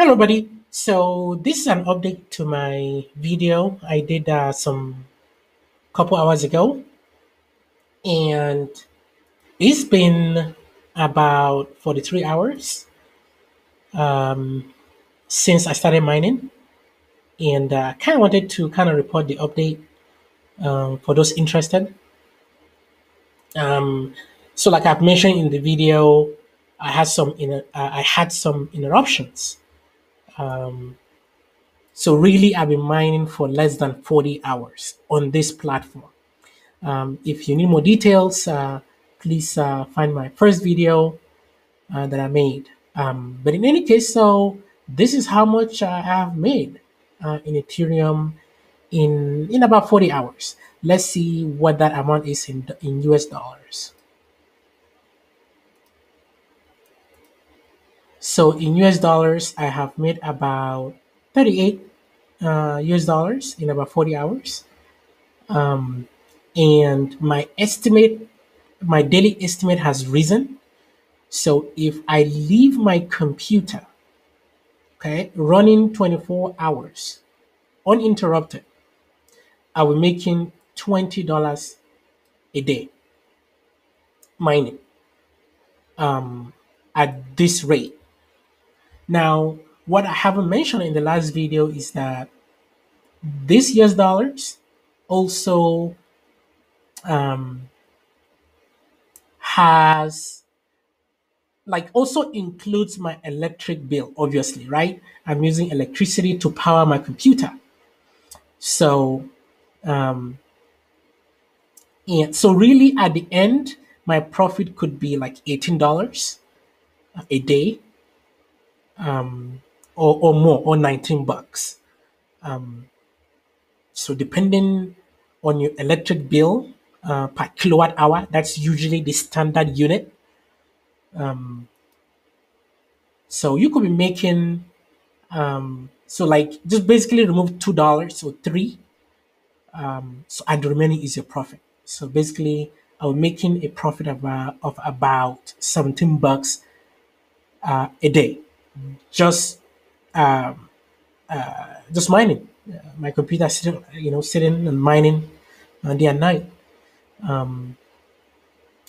hello buddy so this is an update to my video i did uh, some couple hours ago and it's been about 43 hours um, since i started mining and i uh, kind of wanted to kind of report the update um, for those interested um, so like i've mentioned in the video i had some uh, i had some interruptions um, so really, I've been mining for less than 40 hours on this platform. Um, if you need more details, uh, please uh, find my first video uh, that I made. Um, but in any case, so this is how much I have made uh, in Ethereum in in about 40 hours. Let's see what that amount is in in US dollars. So in US dollars, I have made about 38 uh, US dollars in about 40 hours. Um, and my estimate, my daily estimate has risen. So if I leave my computer, okay, running 24 hours uninterrupted, I will making $20 a day mining um, at this rate. Now, what I haven't mentioned in the last video is that this US dollars also um, has like also includes my electric bill obviously right i'm using electricity to power my computer so um and so really at the end my profit could be like $18 a day um, or, or more, or 19 bucks. Um, so depending on your electric bill uh, per kilowatt hour, that's usually the standard unit. Um, so you could be making, um, so like just basically remove two dollars or three, um, so and the remaining is your profit. So basically, I am making a profit of, uh, of about seventeen bucks uh, a day just um, uh, just mining. Uh, my computer sitting, you know, sitting and mining uh, day and night. Um,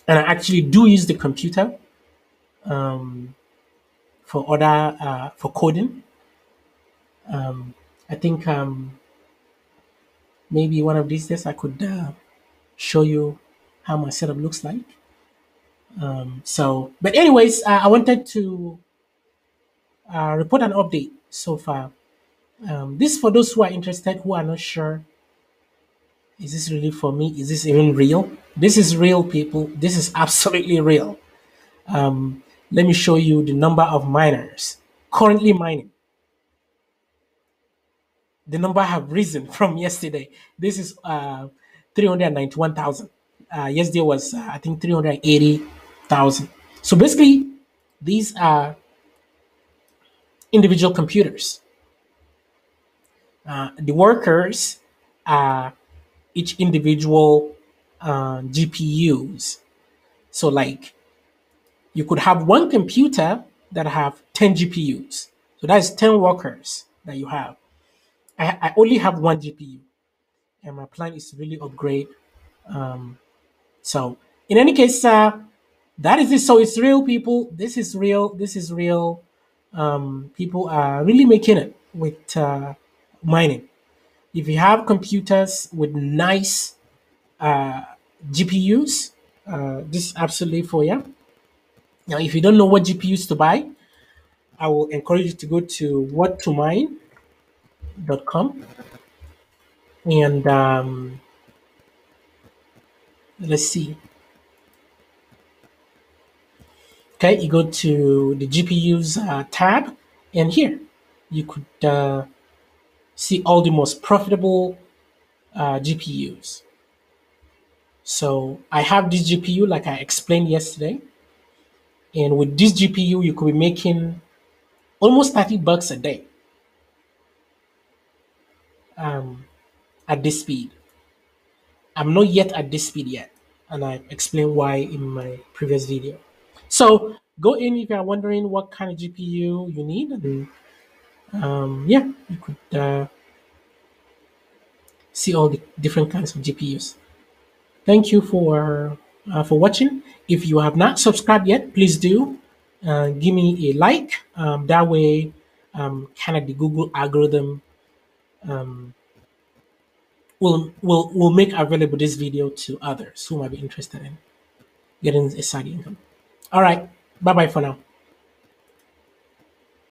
and I actually do use the computer um, for other uh, for coding. Um, I think um, maybe one of these days I could uh, show you how my setup looks like. Um, so, but anyways, uh, I wanted to uh, report and update so far. Um, this for those who are interested, who are not sure, is this really for me? Is this even real? This is real, people. This is absolutely real. Um, let me show you the number of miners currently mining. The number have risen from yesterday. This is uh, 391,000. Uh, yesterday was, uh, I think, 380,000. So basically, these are individual computers. Uh, the workers are uh, each individual uh, GPUs. So like you could have one computer that have 10 GPUs. So that's 10 workers that you have. I, I only have one GPU and my plan is to really upgrade. Um, so in any case, uh, that is it. So it's real people. This is real. This is real um, people are really making it with uh, mining. If you have computers with nice uh, GPUs, uh, this is absolutely for you. Now, if you don't know what GPUs to buy, I will encourage you to go to whattomine.com and um, let's see. Okay, you go to the GPUs uh, tab, and here you could uh, see all the most profitable uh, GPUs. So I have this GPU like I explained yesterday. And with this GPU, you could be making almost 30 bucks a day um, at this speed. I'm not yet at this speed yet. And I explained why in my previous video. So go in if you're wondering what kind of GPU you need. And, um, yeah, you could uh, see all the different kinds of GPUs. Thank you for uh, for watching. If you have not subscribed yet, please do. Uh, give me a like. Um, that way, um, kind of the Google algorithm um, will will will make available this video to others who might be interested in getting a side income. All right. Bye bye for now.